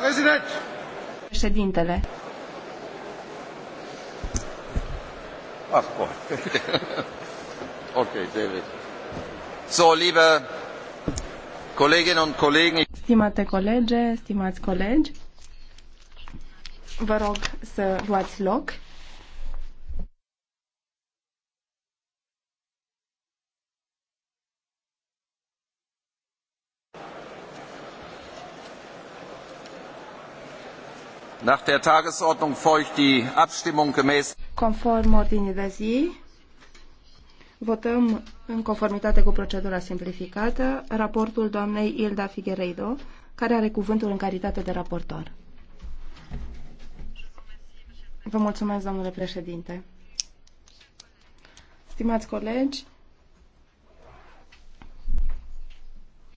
President. Președintele. Of course. okay, David. So, liebe Kolleginnen und Kollegen. Stimate colege, stimați colegi, vă rog să luați loc. Nach der Tagesordnung folgt die Abstimmung gemäß. Conform ordinii de zi, votăm în conformitate cu procedura simplificată raportul doamnei Ilda Figueiredo, care are cuvântul în calitate de raportor. Vă mulțumesc, domnule președinte. Stimați colegi,